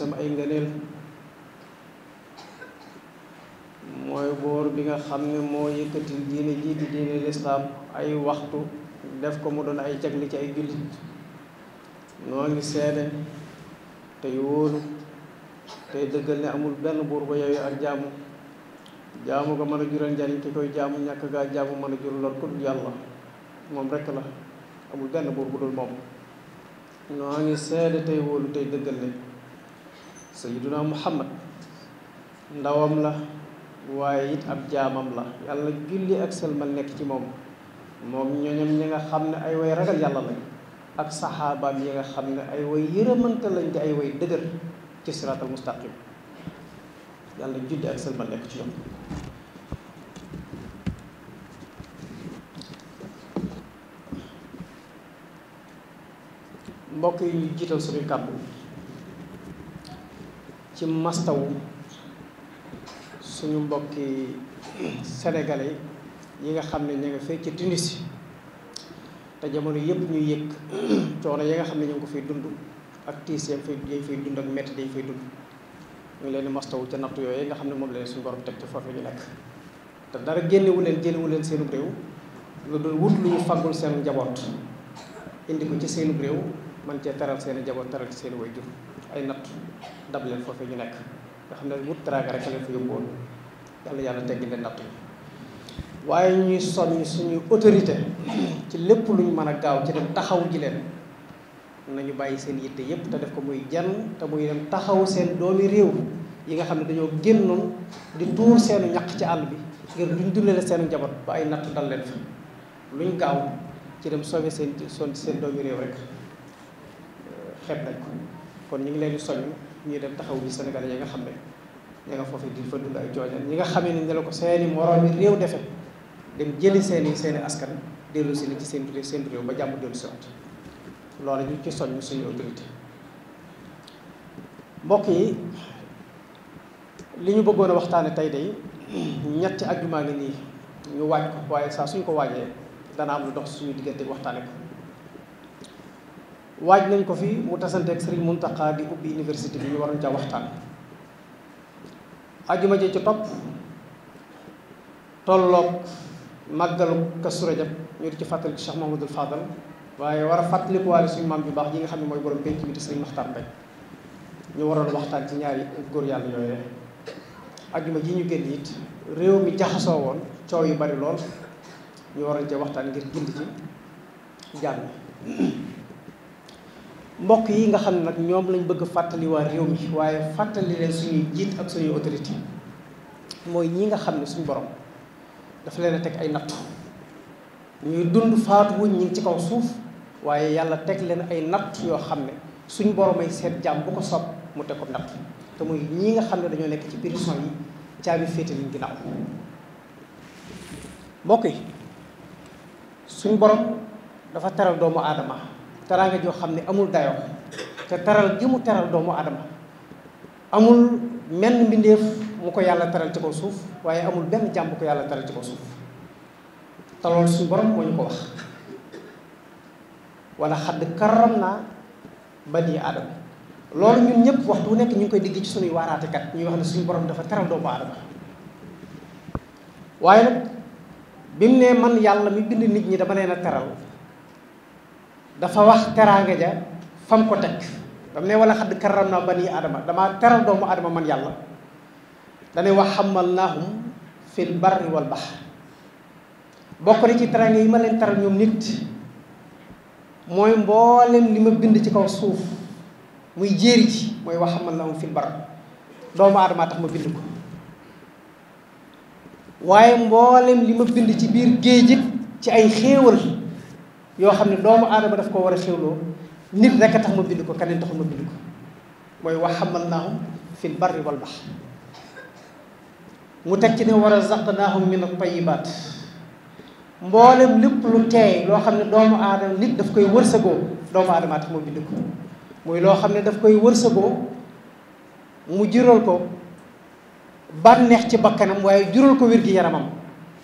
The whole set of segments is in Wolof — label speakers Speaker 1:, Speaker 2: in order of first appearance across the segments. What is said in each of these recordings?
Speaker 1: sama ay ngëneel mooy boor bi nga xam ne moo yëkkati diine jiit diine lislaam ay waxtu def ko mu doon ay jagli ci ay jullit noo ngi seede tey wóolu tey dëggal ne amul benn buur ba yooyu ak jaamu jaamu ko mën a jural njariñ ki koy jaamu ñàkk gaa jaamu mën a jural lor yàlla moom rekk la amul benn buur bu dul moom noo ngi seede tey wóolu tey dëggal ne sayyiduna muhammad ndawam la waye it ab jaamam la yalla julli ak sëlmal nek ci mom mom ñooñam ñi nga xamne ay way ragal yalla lañ ak sahaba mi nga xamne ay way yërëmante lañ ci ay way dëgër ci siratal mustaqim yalla julli ak sëlmal nek ci ñom mbokk yi ñu suñu kàddu ci mastawu suñu mbokki sénégalais yi nga xam ne ñu nga fee ci Tunisie te jamono yëpp ñuy yëg coono yi nga xam ne ñoo ngi ko fee dund ak tiis yañ fay yañ fay dund ak metti dañ fay dund ñu leen di mastawu ca nattu yooyu nga xam ne moom leen suñu borom teg ci foofu ñu nekk te dara génnewu leen génnewu leen seenu réew lu dul wut lu ñu fàggul seen njaboot indi ko ci seenu réew man cee taral seen i jaboot taral ci seen i waajur ay natt dab leen foofee ñu nekk nga xam ne wut teraanga rek leen fi yóbbuwoon yàlla yàlla teggi leen natt yi waaye ñuy soññ suñuy autorité ci lépp lu mën a gaaw ci dem taxaw ji leen nañu bàyyi seen yitte yépp te def ko muy jan te muy dem taxaw seen doomi réew yi nga xam ne dañoo génnoon di tuur seenu ñaq ci àll bi ngir luñ dundale seenu njaboot ba ay natt dal leen fa luñ gaaw ci dem sauver seen son seen doomi réew xeeb nañ ko kon ñu ngi leen di soññ ñuy dem taxaw bi senegal ya nga xam ne ña nga foofu di fa dund ay xamee ne ne la ko seeni moroom yi réew defe dem jëli seeni seeni askan dellu si ni ci seen seen réew ba jàmm dellu si waat loolu ñu ci soññ suñu autorité mbokk yi li ñu bëggoon waxtaane tey day ñetti àjjuma ngi nii ñu waaj ko waaye saa suñu ko waajee dana am lu dox suñu diggante waxtaane ko waaj nañ ko fi mu tasanteeg Serigne Mountakha di ubbi université bi ñu waroon ca waxtaan. ajuma ji ci topp tolloog màggalu Kazu Rajab ñu di ci fàttali ci Cheikh Mamadou Fadal waaye war a fàttalikuwaale suñu maam bi baax yi nga xam ne mooy borom penc bi di Serigne Makhtar ñu waroon waxtaan ci ñaari góor yàlla yooyee. ajuma ji ñu génn it réew mi jaxasoo woon coow yu bari lool ñu waroon ca waxtaan ngir gind ci jàmm. mbokk yi nga xam ne nag ñoom lañ bëgg fàttali waa réew mi waaye fàttali leen suñuy jiit ak suñuy autorité mooy ñi nga xam ne suñu borom dafa leen a teg ay nattu ñuy dund faatu ñi ci kaw suuf waaye yàlla teg leen ay natt yoo xam ne suñu borom ay seet jàmm bu ko sob mu teg ko natt te muy ñi nga xam ne dañoo nekk ci prison yi caabi féete liñ ginnaaw mbokk yi suñu borom dafa teral doomu aadama teranga jo xam amul dayo te teral gi mu teral doomu adama amul men mbindef mu ko yalla teral ci ko suuf waye amul ben jamm ko yalla teral ci ko suuf te loolu suñu borom moñ ko wax wala xadd karamna naa adam nii ñun ñëpp waxtu wu nekk ñu koy digg ci warate kat ñu wax ne suñu borom dafa teral doomu adama waaye nag bi ne man yalla mi bind nit ñi dama leena teral dafa wax teraanga ja fam ko teg dam ne wala xadd karam naa bani adama damaa teral doomu adama man yàlla danay wax xamal naahum fil barri wal bahr bokk na ci teraanga yi ma leen teral ñoom nit mooy mboolem li ma bind ci kaw suuf muy jéeri ji mooy wax xamal naahum fil barri doomu adama tax ma bind ko waaye mboolem li ma bind ci biir géej ci ay xéewal yo xamne doomu aadama daf ko wara sewlo nit rek tax mo bindiko kanen tax mo bindiko moy wa hamalnahum fil barri wal bahr mu tek ci ne wara zaqnahum min at tayyibat mbolam lépp lu tey lo xamne doomu aadama nit daf koy wërsego doomu aadama tax mo bindiko moy lo xamne daf koy wërsego mu jirol ko banex ci bakkanam waye jural ko wirgi yaramam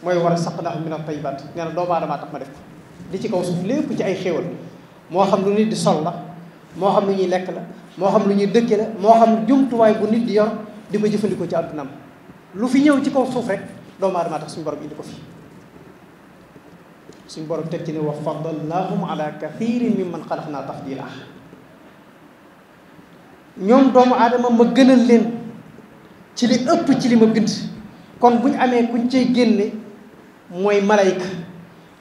Speaker 1: moy wara saqnahum min at tayyibat nee doomu aadama tax ma def ko li ci kaw suuf lépp ci ay xéwal moo xam lu nit di sol la moo xam lu ñuy lekk la moo xam lu ñuy dëkke la moo xam jumtuwaay bu nit di yor di ko jëfandikoo ci àddunaam lu fi ñëw ci kaw suuf rek doomu aadama tax suñu borom indi ko fi suñu borom teg ci ne wa faddalnaahum ala kathirin mimman xalaqnaa tafdila ñoom doomu aadama ma gënal leen ci li ëpp ci li ma bind kon bu ñu amee kuñ cay génne mooy malayka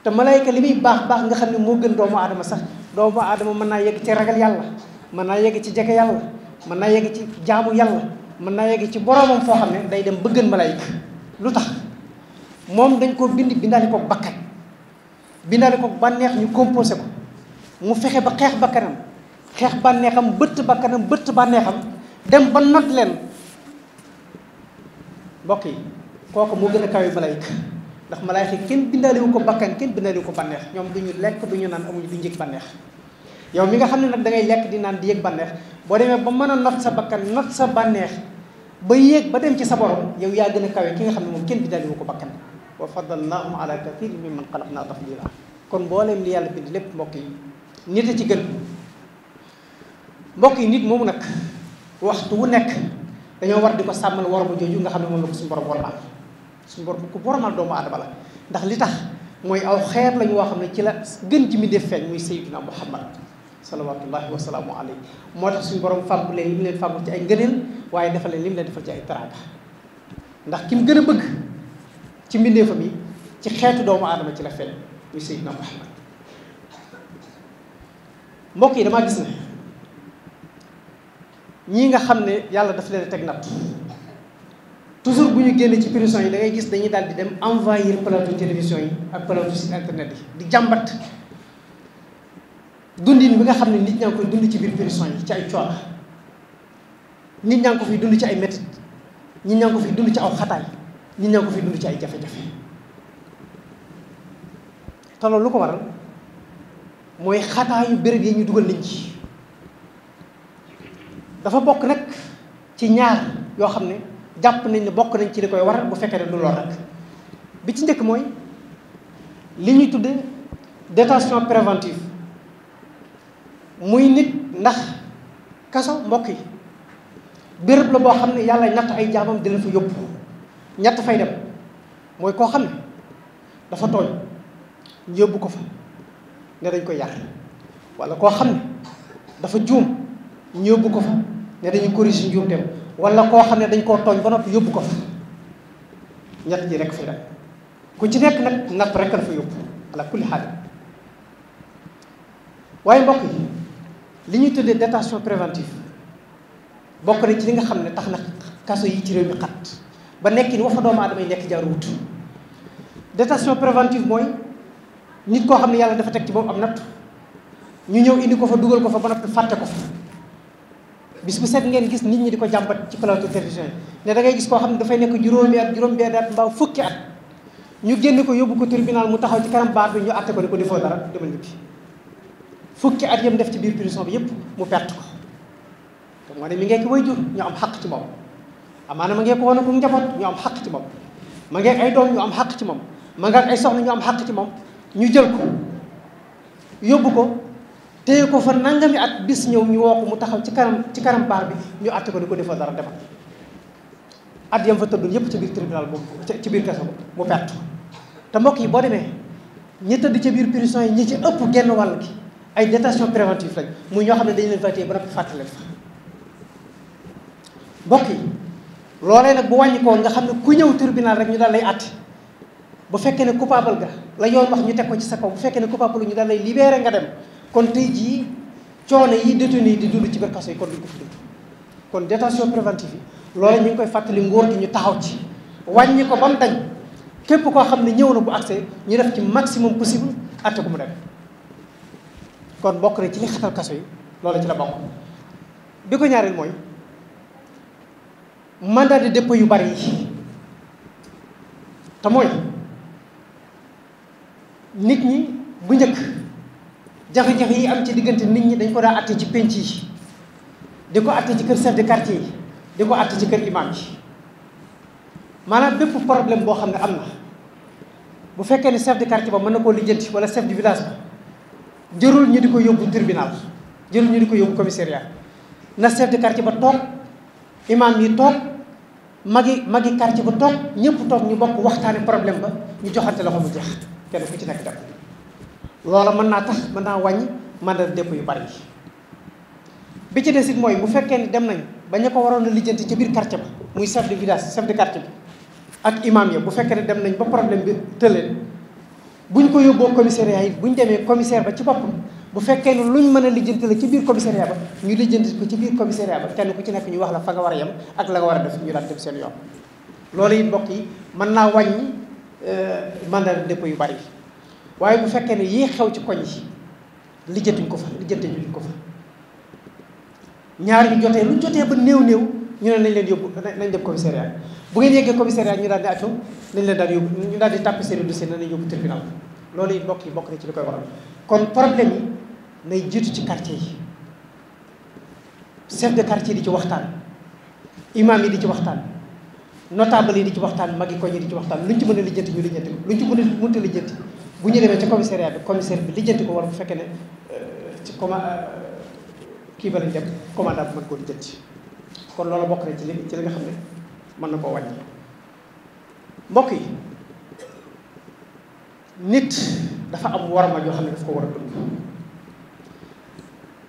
Speaker 1: te malayka li muy baax baax nga xam ne moo gën doomu aadama sax doomu aadama mën naa yegg ci ragal yàlla mën naa yegg ci jege yàlla mën naa yegg ci jaamu yàlla man naa yegg ci boroomam foo xam ne day dem ba gën malayka lu tax moom dañ koo bind bindaale ko bakkan bindaale ko bànneex ñu composé ko mu fexe ba xeex ba kanam xeex bànneexam bëtt bakkanam bëtt bànneexam dem ba not leen mbokk yi kooku moo gën a kawe malayka ndax malaayka kenn wu ko bakkan kenn wu ko banex ñom duñu lek duñu nan amuñu duñu jik banex yow mi nga xam nak da ngay lek di nan di yek banex bo demé ba mëna not sa bakkan not sa banex ba yek ba dem ci sa borom yow ya gëna kawé ki nga xam mom moom bindale wu ko bakkan wa faddalnaahum ala kathirin mimman qalaqna tafdila kon mbooleem li yalla bind lepp mbokk yi nit ci gën mbokk yi nit momu nak waxtu wu nek dañu war diko samal worbu joju nga xam mom la ko suñu borom war am suñu borom ku doomu aadama la ndax li tax mooy aw xeer lañu woo xam ne ci la gën ji mi def feeñ muy sayyidina muhammad salawaatullahi wa salaamu alayhi moo tax suñu borom fàggu leen li mu leen fàggul ci ay ngëneel waaye defal leen li mu leen defal ci ay teraanga ndax ki mu gën a bëgg ci mbindeefam yi ci xeetu doomu aadama ci la feeñ muy sayyidina muhammad mbokk yi damaa gis ne ñii nga xam ne yàlla daf leen teg nat heure bu ñu génn ci prison yi dangay gis dañuy daal di dem envahir plateau télévision yi ak plateau internet yi di jàmbat dundin bu nga xam ne nit ñaa koy dund ci biir prison yi ci ay coono nit ñaa ngi ko fiy dund ci ay métit nit ñaa ngi ko ci aw xataay nit ñaa ko fiy dund ci ay jafe-jafe te lu ko waral mooy xataayu béréb yi ñu dugal nit ñi dafa bokk nag ci ñaar yoo xam ne jàpp nañ ne bokk nañ ci li koy war bu fekkee ne du lool rek bi ci njëkk mooy li ñuy tudde détention préventive muy nit ndax kaso mbokk yi béréb la boo xam ne yàlla ñett ay jaamam dina fa yóbbu ñett fay dem mooy koo xam ne dafa tooñ ñu yóbbu ko fa ne dañ koy yar wala koo xam dafa juum ñu yóbbu ko fa ne dañu corriger njuumteem wala koo xam ne dañ koo tooñ ba noppi yóbbu ko fa ñett ji rek fay dem ku ci nekk nag napp rek la fa yóbbu ala kulli xaal waaye mbokk yi li ñuy tuddee détention préventive bokk na ci li nga xam ne tax na kaso yi ci réew mi xat ba nekkin wa fa doom aadama yi nekk jaaruwut détention préventive mooy nit koo xam ne yàlla dafa teg ci moom am natt ñu ñëw indi ko fa dugal ko fa ba noppi fàtte ko fa bis bu set ngeen gis nit ñi di ko jàmbat ci plateau télévision yi ne da ngay gis koo xam ne dafay nekk juróomi at juróom benn at mbaa fukki at ñu génn ko yóbbu ko tribunal mu taxaw ci kanam baat bi ñu àtte ko ne ko defoo dara demal ñibbi fukki at yam def ci biir prison bi yëpp mu perte ko te moo ne mi ngee ko way jur ñu am xaq ci moom amaana ma ngee ko wane ko njaboot ñu am xaq ci moom ma ngee ay doom ñu am xaq ci moom ma ngee ay soxna ñu am xaq ci moom ñu jël ko yóbbu ko téye ko fa nangami at bis ñëw ñu woo mu taxaw ci kanam ci kanam baar bi ñu àtte ko di ko defal dara defal at yam fa tëddul yëpp ci biir tribunal boobu ci biir kaso mu perte te mbokk yi boo demee ñi tëdd ci biir prison yi ñu ci ëpp genn wàll gi ay détention préventive lañ muy ñoo xam ne dañu leen fàttee ba noppi fàttali leen fa mbokk yi loolee nag bu wàññi ko nga xam ne ku ñëw tribunal rek ñu daal lay àtte bu fekkee ne coupable ga la yoon wax ñu teg ko ci sa kaw bu fekkee ne coupable ñu daal lay libéré nga dem kon tey jii coono yi détenu yi di dund ci biir kaso yi kon duñ ko fi dund kon détention préventive yi loolu ñu ngi koy fàttali ngóor gi ñu taxaw ci wàññi ko ba dañ képp koo xam ne ñëw bu accès ñu def ci maximum possible atte ko mu dem kon bokk na ci li xatal kaso yi loolu ci la bokk bi ko ñaareel mooy mandat de dépôt yu bari yi te mooy nit ñi bu njëkk jafe-jafe yi am ci diggante nit ñi dañ ko daa atte ci penc yi di ko atte ci kër chef de quartier yi di ko atte ci kër imam yi maanaam bépp problème boo xam ne am na bu fekkee ne chef de quartier ba mën na koo lijjanti wala chef de village ba jërul ñu di ko yóbbu tribunal jërul ñu di ko yóbbu commissariat na chef de quartier ba toog imam yi toog magi magi quartier ba toog ñëpp toog ñu bokk waxtaane problème ba ñu joxante loxo mu jeex kenn ku ci nekk dem loola mën naa tax mën naa wàññi mandat de dépôt yu bari yi bi ci des it mooy bu fekkee ni dem nañ ba ñu ko waroon lijjanti ci biir quartier ba muy chef de village chef de quartier bi ak imam ya bu fekkee ne dem nañ ba problème bi tëleen bu ñu ko yóbboo commissariat yi bu ñu demee commissaire ba ci boppam bu fekkee ne ñu mën a lijjanti la ci biir commissariat ba ñu lijjanti ko ci biir commissariat ba kenn ku ci nekk ñu wax la fa nga war a yem ak la nga war a def seen yoon loolu it mbokk yi mën naa wàññi euh, mandat de dépôt yu bari yi waaye bu fekkee ne yii xew ci koñ yi lijjatuñ ko fa lijjatuñ ko fa ñaar ñu jotee lu jotee ba néew néew ñu ne nañ leen yóbbu nañ dem commissariat bu ngeen yeggee commissariat ñu daal di acco nañ leen daal di yóbbu ñu daal di tàpp seen dossier na nañ yóbbu tribunal loolu it mbokk yi bokk na ci li koy waral kon problème yi nay jiitu ci quartier yi chef de quartier di ci waxtaan imam yi di ci waxtaan notable yi di ci waxtaan magi yi di ci waxtaan luñ a lijjanti ñu lijjanti luñ bu ñu demee ci commissariat bi commissaire bi lijjanti ko war bu fekkee ne euh, ci comma euh, kii ba lañ dem commandant bi mën koo lijjanti kon loolu bokk na ci li ci li nga xam ne mën na koo wàññi mbokk yi nit dafa am warma yoo xam ne daf ko war a dund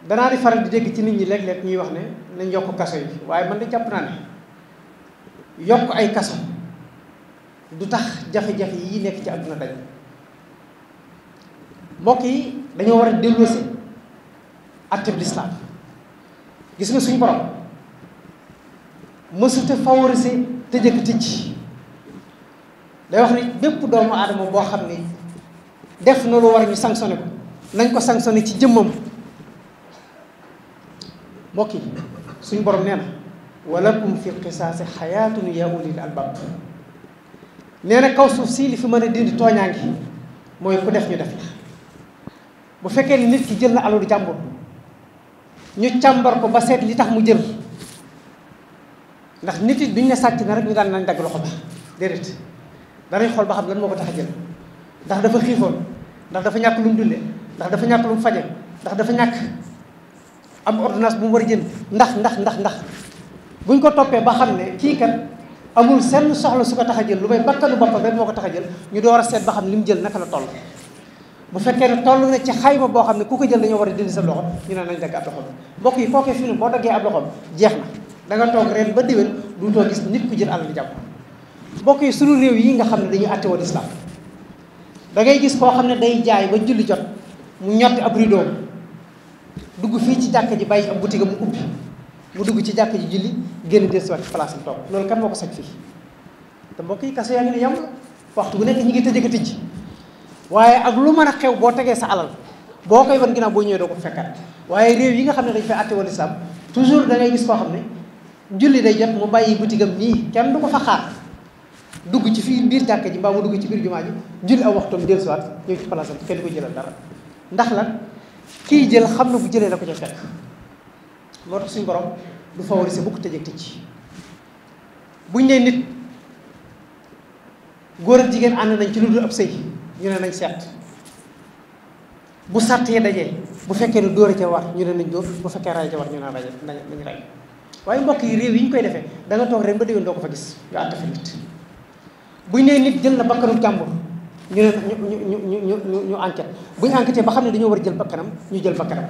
Speaker 1: danaa di faral di dégg ci nit ñi léeg-léeg ñuy wax ne nañ yokk kaso yi waaye man de jàpp naa ne yokk ay kaso du tax jafe-jafe yi nekk ci àdduna dañ mbokk yi dañoo war a delloosi atteb lislaam gis nga suñu borom mësuta favoriser tëjëk tëj day wax ni bépp doomu aadama boo xam ni def na lu war ñu sanctionné ko nañ ko sanctionné ci jëmmam mbokk yi suñu borom nee na walakum fi qisaasi xayaatun yaa ulil albab nee na kaw suuf sii li fi mën a dindi tooñaa ngi mooy ku def ñu def la bu fekkee ni nit ki jël na alalu jàmbur ñu càmbar ko ba seet li tax mu jël ndax nit yi duñ ne sàcc na rek ñu daan nañ dagg loxo ba déedéet danañ xool ba xam lan moo ko tax a jël ndax dafa xiifoon ndax dafa ñàkk lu mu dundee ndax dafa ñàkk lu mu faje ndax dafa ñàkk am ordonnance bu mu war a jënd ndax ndax ndax ndax buñ ko toppee ba xam ne kii kat amul seen soxla su ko tax a jël lu may bakkanu boppam rek moo ko tax a jël ñu door a seet ba xam li mu jël naka la toll bu fekkee ne toll na ci xayma boo xam ne ku ko jël dañoo war a dindi sa loxo ñu ne nañ dagg ab loxo mbokk yi kookee fi ne boo daggee ab loxo jeex na da nga toog ren ba déwén duutoo gis nit ku jël alal di jàpp mbokk yi sunu réew yi nga xam ne dañuy àtte woon islam da ngay gis koo xam ne day jaay ba julli jot mu ñotti ab rideau dugg fii ci jàkk ji bàyyi ab boutique mu ubbi mu dugg ci jàkk ji julli génn del siwaat ci place am toog loolu kan ko saj fii te mbokk yi kaso yaa ngi ne yam waxtu bu nekk ñi ngi tëjëka tëj waaye ak lu mën a xew boo tegee sa alal boo koy wan ginnaaw boo ñëwee doo ko fekkat waaye réew yi nga xam ne dañ fay àtte woon islam toujours da ngay gis koo xam ne julli day jot mu bàyyi butigam nii kenn du ko fa xaar dugg ci fii mbiir jàkka ji mbaa mu dugg ci biir jumaa ji julli aw waxtoom dellusiwaat ñëw ci palaasam kenn du ko jëlal dara ndax lan kii jël xam na bu jëlee la ko ca fekk moo tax suñu borom du favoriser bu ko tëjee tëj buñ ne nit góor ak jigéen ànd nañ ci lu dul ab ñu ne nañ seet bu sart yi dajee bu fekkee du dóor ca war ñu ne nañ dóor bu fekkee ray ca war ñu ne raje nañ ray waaye mbokk yi réew yi ñu koy defee da nga toog ren ba déwén doo ko fa gis nga àtte fa nit buñ nee nit jël na bakkanu jàmbur ñu ne ñu ñu ñu ñu ñu ñu enquête ñu enquêté ba xam ne dañoo war a jël bakkanam ñu jël bakkanam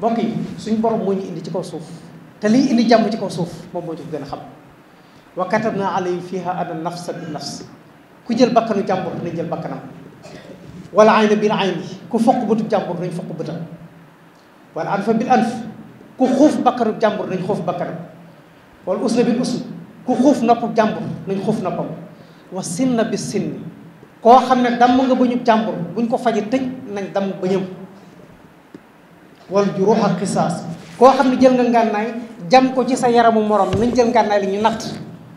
Speaker 1: mbokk yi suñ borom moo ñu indi ci kaw suuf te liy indi jàmm ci kaw suuf moom moo ci ko gën a xam wa katabna alayhi fiha anna nafsa bi nafs ku jël bakkanu jàmbur bakar. jël bakkanam wala ayna bil ayni ku foq bëtu jàmbur nañ foq bëtam wala anfa bil anf ku xuf bakkanu jambur, nañ xuf bakkanam wala usla bil usl ku xuf nopp jambur, nañ xuf noppam wa sinna bis sinni ko xamne dam nga buñu jàmbur buñ ko faji tej nañ ba bañam wal juruha qisaas koo xam ne jël nga ngannaay jam ko ci sa yaramu morom nañ jël ngannaay li ñu nat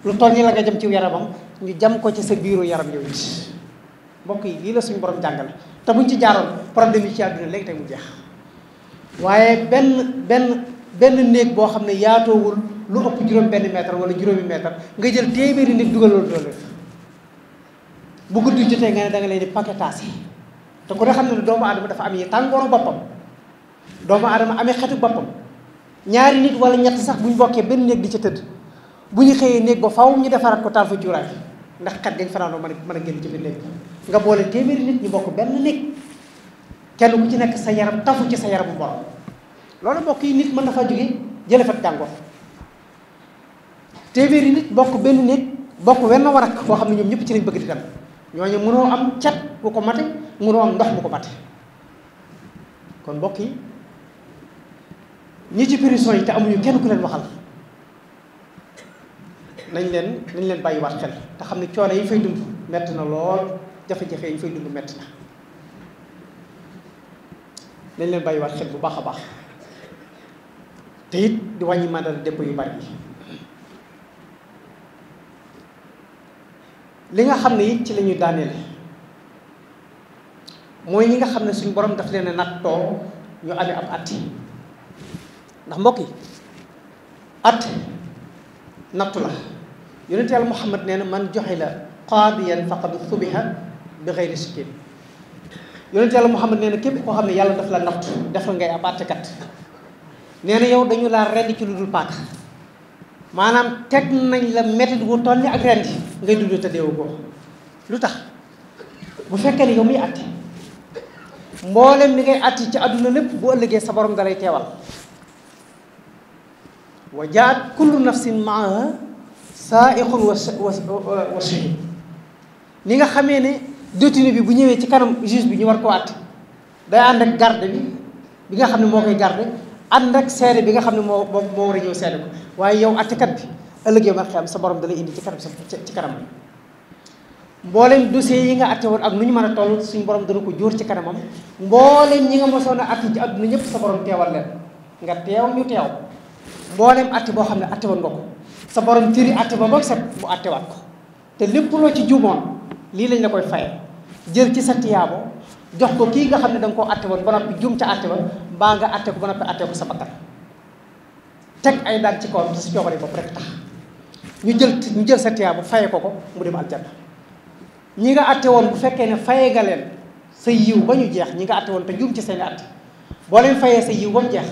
Speaker 1: lu toñi la nga jëm ci yaramam ñu jam ko ci sa biiru yaram yow it mbokk yi li la suñu borom jangal ta buñ ci jaaroon problème yi ci aduna léegi tay mu jeex waaye benn benn benn néeg boo xam ne yaatoowul lu ëpp juróom benn mètre wala juróomi mètre nga jël téeméeri nit dugal loolu doole bu guddi jotee nga ne da nga leen di paquetage te ku ne xam ne doomu aadama dafa am yi tàngooru boppam doomu aadama amee xetu boppam ñaari nit wala ñett sax buñ ñu bokkee benn néeg di ca tëdd bu ñu xëyee néeg ba faw ñu defaraat ko taal fa cuuraay ndax xet dañ fanaanoo mën a mën a génn ci biir néeg nga boole téeméeri nit ñu bokk benn néeg kenn ku ci nekk sa yaram tafu ci sa yaram borom loolu mbokk yi nit mën na faa jóge jële fa jàngoor téeméeri nit bokk benn néeg bokk wenn war ak koo xam ne ñoom ñëpp ci lañ bëgg di dem ñooñu mënoo am cat bu ko mate mënoo am ndox bu ko mate kon mbokk yi ñi ci prison yi te amuñu kenn ku leen waxal nañ leen nañ leen bàyyiwaat xel te xam ne coono yi fay dund mett na lool jafe-jafe yi fay dund mett na nañ leen bàyyiwaat xel bu baax a baax te it di wàññi ma mandat dépôt yu bari yi li nga xam ne it ci la ñuy daaneel mooy ñi nga xam ne suñ boroom daf leen nattoo ñu amee ab at ndax mbokk yi at nattu la يونت يال محمد نين من جهل قاضيا فقد ثبها بغير سكين يونت يال محمد نين كيف كو خامي يالا دافلا نوت دافلا غاي اباتي كات نين يو دانيو لا ريدي كي لودول باك مانام تك نان لا ميتيد و تولي اك ريندي غاي دودو تديو كو لوتاخ بو فكاني يومي اتي مولم ميغي اتي تي ادنا لب بو اولغي سابوروم دالاي تيوال وجاءت كل نفس معها saaiqun wa wa shahid ni nga xamee ne détenu bi bu ñëwee ci kanam juge bi ñu war ko àtte day ànd ak garde bi bi nga xam ne moo koy garde ànd ak seede bi nga xam ne moo moo moo war a ñëw seede ko waaye yow àttekat bi ëllëg yow ma xam sa borom dalay indi ci kanam sa ci kanam mboolem dossier yi nga àtte woon am nu ñu mën a toll suñu borom dana ko jóor ci kanamam mboolem ñi nga mosoon a àtte ci àdduna ñëpp sa borom teewal leen nga teew ñu teew mboolem àtte boo xam ne àtte woon ko sa borom tiri atte ba ba set bu attewaat ko te lépp loo ci juumoon lii lañ la koy faye jël ci sa tiyaabo jox ko kii nga xam ne da koo atte woon ba noppi juum ca atte ba mbaa nga atte ko ba noppi atte ko sa bakkan teg ay daan ci kawam sa coobare bopp rek tax ñu jël ñu jël sa tiyaabo faye ko ko mu dem aljanna ñi nga atte woon bu fekkee ne fayee nga leen sa yiw ba ñu jeex ñi nga atte woon te juum ci seen i atte boo leen fayee sa yiw ba mu jeex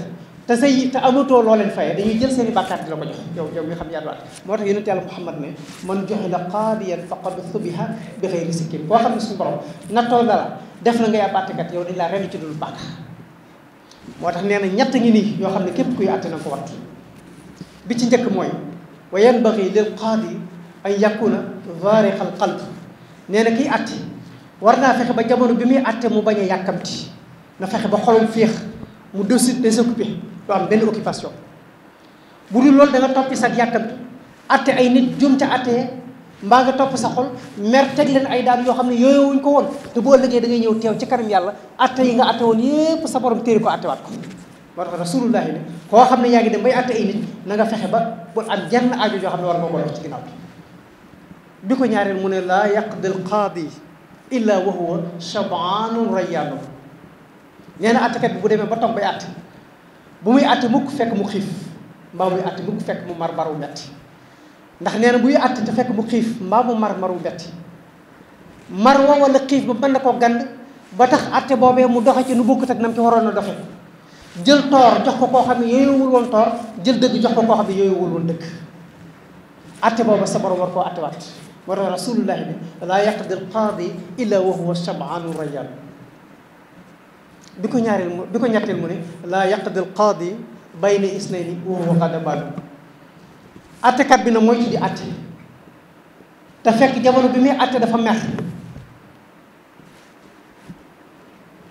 Speaker 1: te say te amatoo loo leen fayee dañuy jël seen i bàkkaar di la ko jox yow yow mi xam yaatu waat moo tax yonent yàlla Muhammad ne man joxe la qaadiyan faqad subiha xam ne suñu borom nattoo na la def na ngay ab àttekat yow dañ laa ren ci dul bàkk moo tax nee na ñett ngi nii yoo xam ne képp kuy àtte na ko wattu bi ci njëkk mooy wa yanbaghi lil qaadi an yakuna vaariq al qalb nee na kiy yi war naa fexe ba jamono bi muy àtte mu bañ a yàkkamti na fexe ba xolom féex mu de dosi désoccupé doo am benn occupation bu dul loolu da nga toppi sa yàkkamti atte ay nit jum ca attee mbaa nga topp sa xol mer leen ay daan yoo xam ne yooyu wuñ ko woon te bu ëllëgee da ñëw teew ci kanam yàlla atte yi nga atte woon yépp sa borom téeri ko attewaat ko moo tax rasulullahi ne koo xam ne yaa ngi dem bay atte ay nit na fexe ba bu am jenn aajo joo xam ne war nga ko dox ci ginnaaw bi ko ñaareel mu ne laa yaqdi al qaadi illa wa huwa shabaanun rayyaanun nee na attekat bi bu demee ba topp bay atte bu muy àtte mukk fekk mu xiif mbaa muy àtte mukk fekk mu mar maru metti ndax nee na buy àtte te fekk mu xiif mbaa mu mar maru metti mar wa wala xiif ba mën na koo gànd ba tax àtte boobee mu doxe ci nu bokkut ak nam ci waroon a doxe jël toor jox ko koo xam ne yooyowul woon toor jël dëgg jox ko koo xam ne yooyowul woon dëgg àtte booba sa borom war koo àttewaat war a rasulullahi bi laa yaqdi alqaadi illa wa huwa shabaanu rayaan biko ñaaril mu biko ñattel mu ne la yaqdi al qaadi bayna isnayni wa huwa qad atté kat bi na moy ci di atté ta fekk jamono bi mi atté dafa mex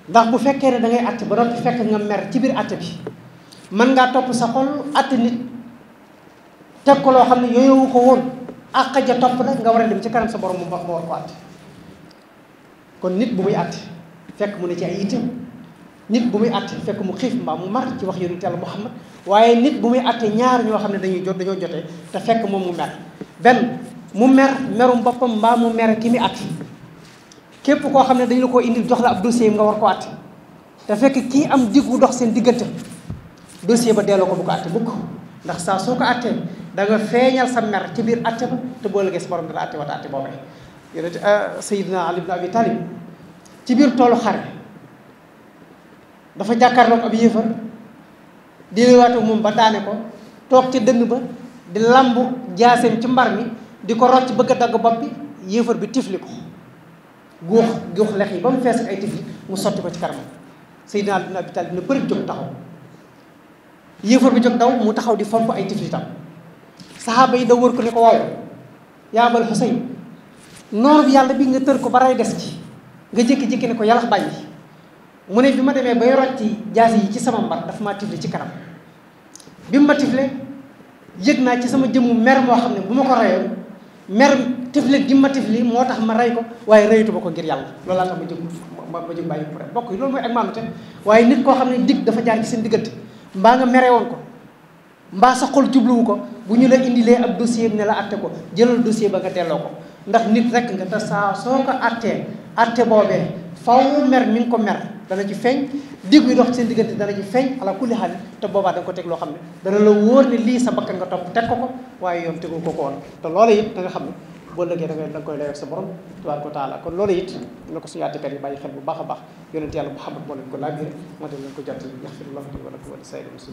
Speaker 1: ndax bu fekké da ngay atté ba do fekk nga mer ci bir atté bi man nga top sa xol atté nit teg ko lo xamni yoyo wu ko won akka ja top nag nga wara dem ci kanam sa borom mu ba ko atté kon nit bu muy atté fekk mu ne ci ay itam nit bu muy àtte fekk mu xiif mbaa mu mar ci wax yonent Yàlla Muhammad waaye nit bu muy àtte ñaar ñoo xam ne dañuy jot dañoo jotee te fekk moom mu mer benn mu mer merum boppam mbaa mu mer ki muy àtte képp koo xam ne dañu la koo indil jox la ab yi nga war ko àtte te fekk am diggu dox seen diggante dossier ba delloo ko bu ko àtte bukk ndax saa soo ko àttee da nga feeñal sa mer ci biir àtte ba te boo lëgee sa borom dana àtte wat àtte boobee yonent euh, Sayyidina Ali ibn Abi Talib ci biir toolu xare dafa jàkkaarloog ab yéefar di liwaatoo moom ba daane ko toog ca dëng ba di lambu jaaseem ci mbar mi di ko rocc bëgg a dagg bopp bi yéefar bi tifli ko guux guux lex yi ba mu fees ay tifli mu sotti ko ci karamam Seydina Ali ibn Abi Talib ne bëri jóg taxaw yéefar bi jóg daw mu taxaw di fomp ay tifli tam saxaaba yi da wër ko ne ko waaw yaa Abal Xuseyn noonu bi yàlla bi nga tër ko ba ray des ci nga jékki-jékki ne ko yàlla bàyyi mu ne bi ma demee bay rotti jaasi yi ci sama mbar dafa maa tifle ci kanam bi mu ma tifle yëg naa ci sama jëmmu mer moo xam ne bu ma ko rayoon mer tifle gi ma tifli moo tax ma rey ko waaye reyatu ma ko ngir yàlla loolu laa tax ma jóg ma waaye nit koo xam ne dig dafa jaar seen diggante mbaa nga mere woon ko mbaa sa xol jubluwu ko bu ñu la indilee ab dossier bi ne la atte ko jëlal dossier ba nga delloo ko ndax nit rek nga te saa soo ko attee atte boobee faw mer mi ko mer dana ci feeñ diggu yi dox seen diggante dana ci feeñ ala kulli xaal te boobaa da ko teg loo xam ne dana la wóor ne lii sa bakkan nga topp teg ko ko waaye yoon tegu ko ko woon te loola it nga xam ne boo lëggee da nga da nga koy layoog sa borom tubaar ko taala kon loola it na ko suñu àttekat yi bàyyi xel bu baax a baax yonent yàlla Muhammad moo leen ko laaj moo tax leen ko